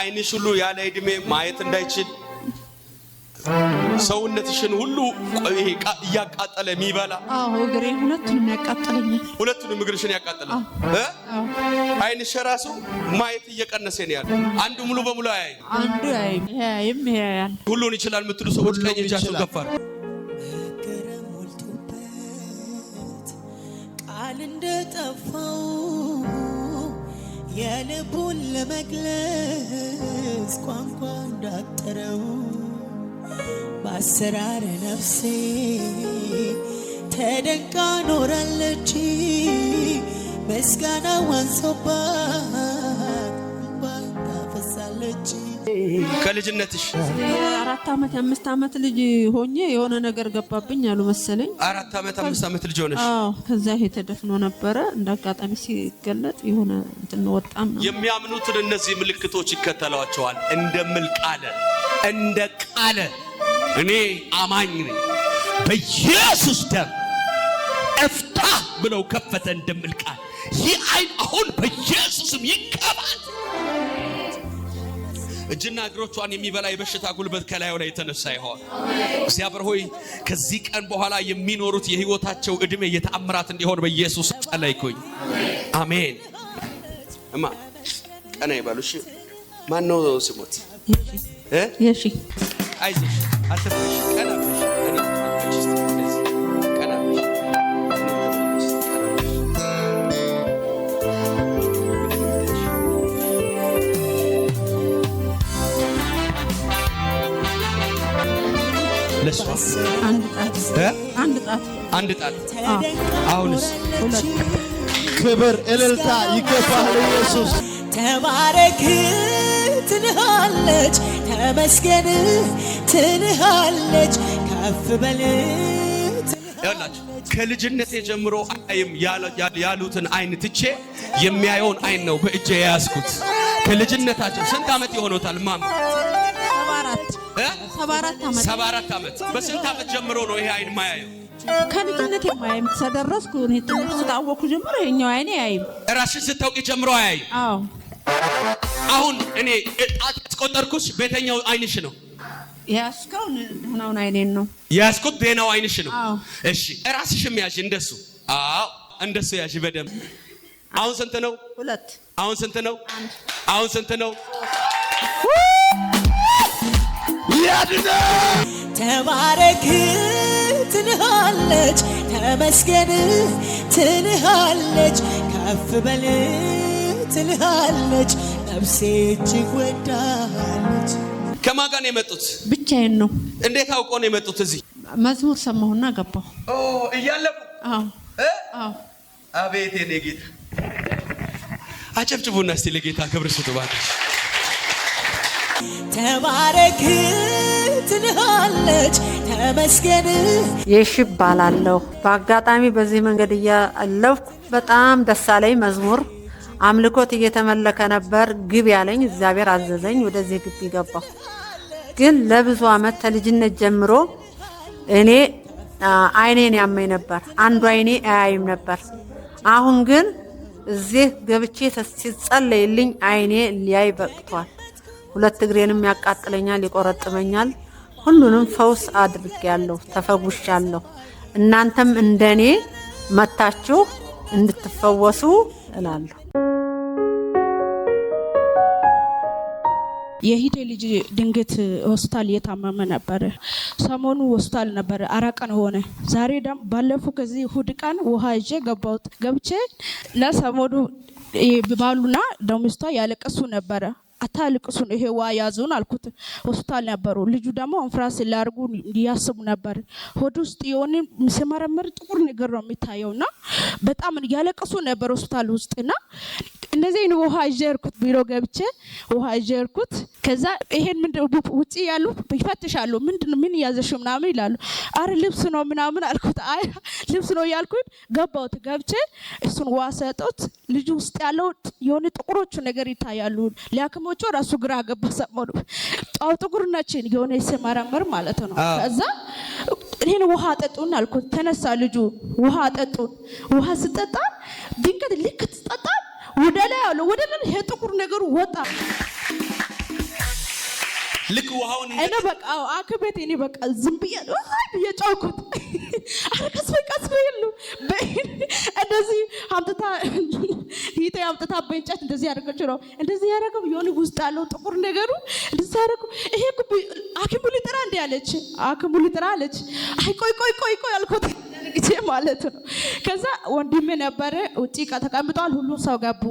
አይንሽ ሁሉ ያለ እድሜ ማየት እንዳይችል ሰውነትሽን ሁሉ እያቃጠለ የሚበላ እግሬ ሁለቱንም ያቃጠለኛል። ሁለቱንም እግርሽን ያቃጠለ አይንሽ ራሱ ማየት እየቀነሰ ነው ያለ። አንዱ ሙሉ በሙሉ አያይ፣ አንዱ ያይ። ሁሉን ይችላል የምትሉ ሰዎች ቀኝ እጃችሁ ገፋል። መገረም ሞልቶበት ቃል እንደጠፋው የልቡን ለመግለጽ ቋንቋ እንዳጠረው በአሰራር ነፍሴ ተደንቃ ኖራለች ምስጋና ዋንሶባት ከልጅነትሽ አራት ዓመት የአምስት ዓመት ልጅ ሆኜ የሆነ ነገር ገባብኝ አሉ መሰለኝ። አራት ዓመት አምስት ዓመት ልጅ ሆነሽ? አዎ። ከዛ ይሄ ተደፍኖ ነበረ። እንደ አጋጣሚ ሲገለጥ የሆነ እንትን ወጣም ነው። የሚያምኑትን እነዚህ ምልክቶች ይከተሏቸዋል። እንደምል ቃለ እንደ ቃለ እኔ አማኝ ነኝ በኢየሱስ ደም እፍታ ብለው ከፈተ። እንደምል ቃል ይህ አይን አሁን በኢየሱስም ይቀባል። እጅና እግሮቿን የሚበላ የበሽታ ጉልበት ከላዩ ላይ የተነሳ ይሆን። እግዚአብሔር ሆይ ከዚህ ቀን በኋላ የሚኖሩት የህይወታቸው እድሜ የተአምራት እንዲሆን በኢየሱስ ጸለይኩኝ። አሜን። እማ ቀና ይበሉ። እሺ፣ ማን ነው ስሞት? እሺ፣ አይዞሽ፣ አትፍሪ፣ ቀና አንድ ጣት። አሁንስ ክብር እልልታ ይገባል። ኢየሱስ ተባረክ ትንሃለች፣ ተመስገን ትንሃለች፣ ከፍ በል ያላችሁ ከልጅነት የጀምሮ አይም ያሉትን አይን ትቼ የሚያየውን አይን ነው በእጄ የያዝኩት። ከልጅነታቸው ስንት ዓመት ይሆኖታል ማማ ሰባ አራት ዓመት በስንት ዓመት ጀምሮ ነው ይሄ አይን ማያየው? ከልጅነት ተደረስኩ ጀምሮ አይኔ አያይም። ራስሽን ስታውቂ ጀምሮ አያይም። አሁን እኔ አስቆጠርኩሽ። ቤተኛው አይንሽ ነው ያስከው ደህናውን አይኔን ነው ያስኩት። ደህናው አይንሽ ነው። እሺ ያዥ እንደሱ። አዎ እንደሱ ያዥ በደንብ። አሁን ስንት ነው? ሁለት። አሁን ስንት ነው? አሁን ስንት ነው? ያድነ ተባረክ ትንሃለች፣ ተመስገን ትንሃለች፣ ከፍ በል ትንሃለች ነፍሴ እጅግ ወዳለች። ከማን ጋር ነው የመጡት? ብቻዬን ነው። እንዴት አውቆ ነው የመጡት? እዚህ መዝሙር ሰማሁና ገባሁ። እያለቁ አቤት የኔ ጌታ! አጨብጭቡና እስቲ ለጌታ ክብር ስጡ ባለች ተባረክ ትልሃለች ተመስገን። ይባላለሁ። በአጋጣሚ በዚህ መንገድ እያለፍኩ በጣም ደሳለኝ መዝሙር አምልኮት እየተመለከ ነበር። ግብ ያለኝ እግዚአብሔር አዘዘኝ። ወደዚህ ግቢ ገባሁ። ግን ለብዙ ዓመት ተልጅነት ጀምሮ እኔ አይኔን ያመኝ ነበር። አንዱ አይኔ አያይም ነበር። አሁን ግን እዚህ ገብቼ ሲጸለይልኝ አይኔ ሊያይ በቅቷል። ሁለት እግሬንም ያቃጥለኛል፣ ይቆረጥመኛል። ሁሉንም ፈውስ አድርጌያለሁ፣ ተፈውሻለሁ። እናንተም እንደኔ መታችሁ እንድትፈወሱ እላለሁ። የሂዴ ልጅ ድንገት ሆስፒታል እየታመመ ነበር። ሰሞኑ ሆስፒታል ነበር አራት ቀን ሆነ። ዛሬ ደግሞ ባለፉ ከዚህ እሑድ ቀን ውሃ ይዤ ገባሁት። ገብቼ ለሰሞኑ ባሉና ደሚስቷ ያለቀሱ ነበረ አታልቅሱን ይሄ ዋ ያዙን አልኩት። ሆስፒታል ነበሩ። ልጁ ደግሞ አንፍራስ ሊያርጉ እንዲያስቡ ነበር። ሆድ ውስጥ የሆነ ስመረምር ጥቁር ነገር ነው የሚታየው የሚታየውና በጣም እያለቀሱ ነበር ሆስፒታል ውስጥ ውስጥና እንደዚህ ነው ውሃ ይዤ እርኩት ቢሮ ገብቼ ውሃ ይዤ ከዛ ይሄን ምንድን ውጭ ያሉ ይፈትሻሉ። ምንድን ምን እያዘሽ ምናምን ይላሉ። አረ ልብስ ነው ምናምን አልኩት። አይ ልብስ ነው ያልኩት። ገባሁት። ገብቼ እሱን ውሃ ሰጡት። ልጁ ውስጥ ያለው የሆነ ጥቁሮቹ ነገር ይታያሉ። ሊያክሞቹ ራሱ ግራ ገባ። ሰሞኑ ጣው ጥቁር ናችን የሆነ ሲመረምር ማለት ነው። ከዛ ይሄን ውሃ አጠጡን አልኩት። ተነሳ ልጁ ውሃ አጠጡን። ውሃ ስጠጣ ድንገት ልክ ትጠጣ ወደ ላይ አለ ወደ ላይ የጥቁር ነገሩ ወጣ። ልክ ውሃውን እኔ በቃ አክቤት እኔ በቃ ዝም ብዬ ብዬ ጫውኩት። ኧረ ቀስ በይ ቀስ በይ የሉ እንደዚህ አምጥታ ሂቴ አምጥታ በእንጨት እንደዚህ ያደረገች ነው። እንደዚህ ያደረገው የሆነ ውስጥ ያለው ጥቁር ነገሩ እንደዚህ ያደረገው ይሄ ሐኪሙ ሊጥራ እንዲህ አለች። ሐኪሙ ሊጥራ አለች። አይ ቆይ ቆይ ቆይ ቆይ አልኩት። ጊዜ ማለት ነው። ከዛ ወንድሜ ነበረ ውጭ ተቀምጧል። ሁሉም ሰው ገቡ።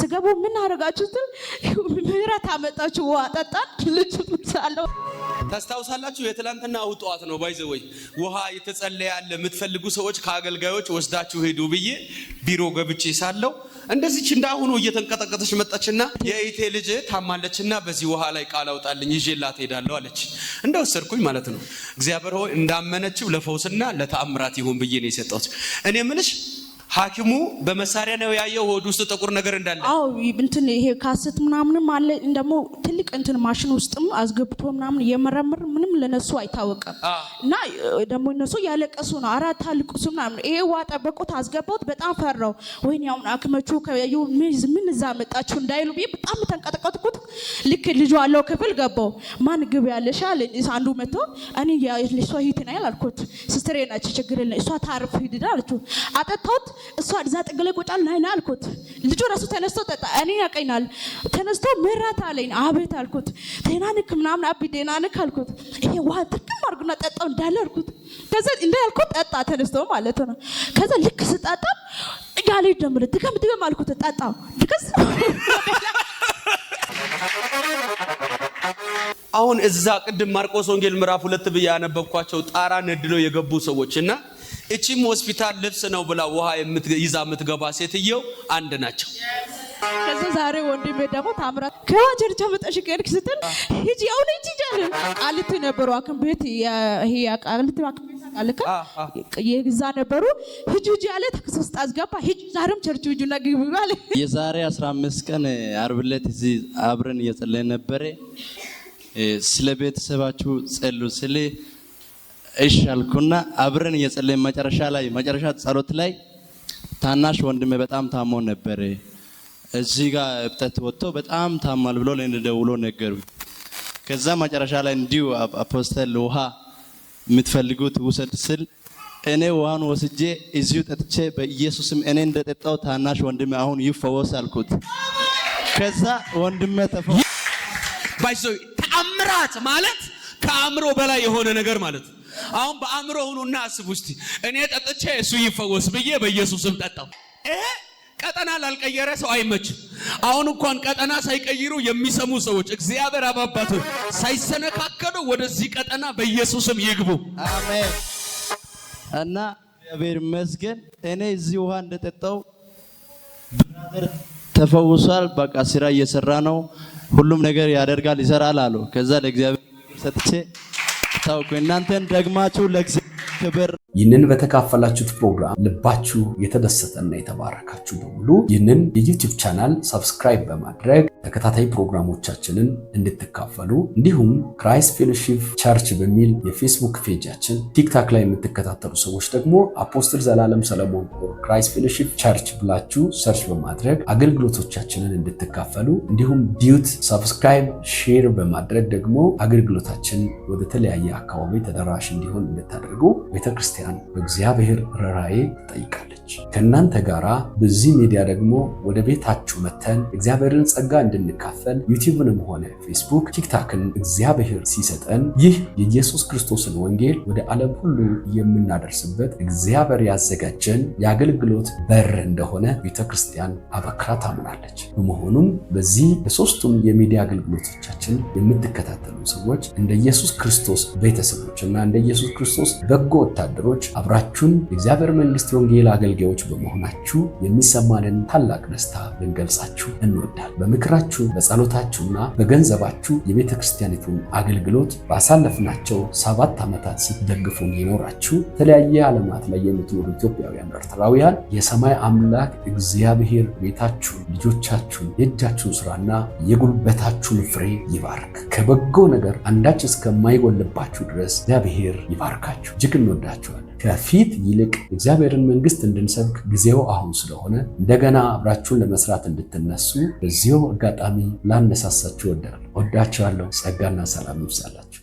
ስገቡ ምን አደረጋችሁ ምህረት አመጣችሁ፣ ውሃ ጠጣን። ልጅ ሳለው ታስታውሳላችሁ። የትላንትና ነው ባይዘወይ ውሃ የተጸለያለ የምትፈልጉ ሰዎች ከአገልጋዮች ወስዳችሁ ሄዱ ብዬ ቢሮ ገብቼ ሳለው እንደዚች እንዳሁኑ እየተንቀጠቀጠች መጣችና የኢቴ ልጅ ታማለችና በዚህ ውሃ ላይ ቃል አውጣልኝ ይዤላት ሄዳለሁ አለች። እንደወሰድኩኝ ማለት ነው። እግዚአብሔር ሆይ እንዳመነችው ለፈውስና ለተአምራት ይሁን ብዬ ነው የሰጠሁት እኔ ምልሽ ሐኪሙ በመሳሪያ ነው ያየው ሆድ ውስጥ ጥቁር ነገር እንዳለ። አዎ እንትን ይሄ ካሰት ምናምንም አለ ደግሞ ትልቅ እንትን ማሽን ውስጥም አስገብቶ ምናምን እየመረምር ምንም ለነሱ አይታወቅም። እና ደግሞ እነሱ ያለቀሱ ነው አራት አልቅሱ ምናምን ይሄ ዋጣ በቆት አስገባሁት። በጣም ፈራው ወይኔ አሁን አክመቹ ከዩ ምን እዛ መጣችሁ እንዳይሉ ብዬ በጣም ተንቀጠቀጥኩት። ልክ ልጁ አለው ክፍል ገባው። ማን ግብ ያለሻ አለ አንዱ መጥቶ እኔ ልሷ ሂትን አይል አልኩት። ስትሬ ናቸው ችግር የለ እሷ ታርፍ ሂድዳ አለችው አጠታሁት እሷ እዛ ጥግ ላይ ቁጫል ናይና አልኩት። ልጁ ራሱ ተነስቶ ጠጣ። እኔን ያቀኛል ተነስቶ ምራት አለኝ። አቤት አልኩት። ቴናንክ ምናምን አቢ ዴናንክ አልኩት። ይሄ ውሃ ጥቅም አድርጉና ጠጣው እንዳለ አልኩት። ከዛ እንደ ያልኩት ጠጣ ተነስቶ ማለት ነው። ከዛ ልክ ስጣጣ እያለ ይደምር ትከም ድገም አልኩት። ጠጣ ድገስ አሁን እዛ ቅድም ማርቆስ ወንጌል ምዕራፍ ሁለት ብዬ ያነበብኳቸው ጣራ ነድለው የገቡ ሰዎች እና እቺም ሆስፒታል ልብስ ነው ብላ ውሃ ይዛ የምትገባ ሴትየው አንድ ናቸው። ከዚ ዛሬ ወንድሜ ደግሞ ታምራት ከዋጀርቻ መጠሽ ከልክ ስትል ሂጂ አሁን ሂጂ ጃል ቃሊቲ ነበሩ አክም ቤት ይሄ ቃሊቲ አክም ቤት የዛ ነበሩ ሂጂ ሂጂ አለ ተከሰስ አስገባ ሂጂ ዛሬም ቸርቹ ሂጂና ግቢ ባለ የዛሬ 15 ቀን አርብ ዕለት እዚህ አብረን እየጸለይን ነበረ። ስለ ቤተሰባችሁ ጸሉ ስለ እሺ አልኩና አብረን እየጸለይን መጨረሻ ላይ መጨረሻ ጸሎት ላይ ታናሽ ወንድሜ በጣም ታሞ ነበር። እዚህ ጋር እብጠት ወጥቶ በጣም ታሟል ብሎ ለእኔ ደውሎ ነገሩ። ከዛ መጨረሻ ላይ እንዲሁ አፖስተል ውሃ የምትፈልጉት ውሰድ ስል እኔ ውሃን ወስጄ እዚሁ ጠጥቼ በኢየሱስም እኔ እንደጠጣው ታናሽ ወንድሜ አሁን ይፈወስ አልኩት። ከዛ ወንድሜ ተፈወሰ። ተአምራት ማለት ከአእምሮ በላይ የሆነ ነገር ማለት አሁን በአእምሮ ሁኑና አስብ ውስጥ እኔ ጠጥቼ እሱ ይፈወስ ብዬ በኢየሱስም ጠጣው። ይሄ ቀጠና ላልቀየረ ሰው አይመችም። አሁን እንኳን ቀጠና ሳይቀይሩ የሚሰሙ ሰዎች እግዚአብሔር አባባቱ ሳይሰነካከሉ ወደዚህ ቀጠና በኢየሱስም ይግቡ። አሜን እና እግዚአብሔር ይመስገን። እኔ እዚህ ውሃ እንደጠጣው ብራዘር ተፈውሷል። በቃ ስራ እየሰራ ነው። ሁሉም ነገር ያደርጋል፣ ይሰራል አሉ። ከዛ ለእግዚአብሔር ሰጥቼ አስታውቁ። እናንተን ደግማችሁ ለእግዚአብሔር ክብር። ይህንን በተካፈላችሁት ፕሮግራም ልባችሁ የተደሰተና የተባረካችሁ በሙሉ ይህንን የዩቲዩብ ቻናል ሰብስክራይብ በማድረግ ተከታታይ ፕሮግራሞቻችንን እንድትካፈሉ እንዲሁም ክራይስት ፌሎሺፕ ቸርች በሚል የፌስቡክ ፔጃችን፣ ቲክታክ ላይ የምትከታተሉ ሰዎች ደግሞ አፖስትል ዘላለም ሰለሞን ክራይስት ፌሎሺፕ ቸርች ብላችሁ ሰርች በማድረግ አገልግሎቶቻችንን እንድትካፈሉ እንዲሁም ዲዩት ሰብስክራይብ፣ ሼር በማድረግ ደግሞ አገልግሎታችን ወደ ተለያየ አካባቢ ተደራሽ እንዲሆን እንድታደርጉ ቤተ ክርስቲያን በእግዚአብሔር ርኅራኄ ትጠይቃለች። ከእናንተ ጋራ በዚህ ሚዲያ ደግሞ ወደ ቤታችሁ መተን እግዚአብሔርን ጸጋ እንድንካፈል ዩቲዩብንም ሆነ ፌስቡክ፣ ቲክታክን እግዚአብሔር ሲሰጠን ይህ የኢየሱስ ክርስቶስን ወንጌል ወደ ዓለም ሁሉ የምናደርስበት እግዚአብሔር ያዘጋጀን የአገልግሎት በር እንደሆነ ቤተ ክርስቲያን አበክራ ታምናለች። በመሆኑም በዚህ በሶስቱም የሚዲያ አገልግሎቶቻችን የምትከታተሉ ሰዎች እንደ ኢየሱስ ክርስቶስ ቤተሰቦች እና እንደ ኢየሱስ ክርስቶስ በጎ ወታደሮች አብራችሁን የእግዚአብሔር መንግስት ወንጌል አገልጋዮች በመሆናችሁ የሚሰማንን ታላቅ ደስታ ልንገልጻችሁ እንወዳል። በምክራችሁ በጸሎታችሁና በገንዘባችሁ የቤተ ክርስቲያኒቱን አገልግሎት ባሳለፍናቸው ሰባት ዓመታት ስትደግፉን ይኖራችሁ የተለያየ ዓለማት ላይ የምትኖሩ ኢትዮጵያውያን፣ ኤርትራውያን የሰማይ አምላክ እግዚአብሔር ቤታችሁ፣ ልጆቻችሁን፣ የእጃችሁን ስራና የጉልበታችሁን ፍሬ ይባርክ። ከበጎ ነገር አንዳች እስከማይጎልባችሁ ድረስ እግዚአብሔር ይባርካችሁ። እንወዳችኋለን። ከፊት ይልቅ እግዚአብሔርን መንግስት እንድንሰብክ ጊዜው አሁን ስለሆነ እንደገና አብራችሁን ለመስራት እንድትነሱ በዚሁ አጋጣሚ ላነሳሳችሁ ወዳለሁ። ወዳችኋለሁ። ጸጋና ሰላም ይብዛላችሁ።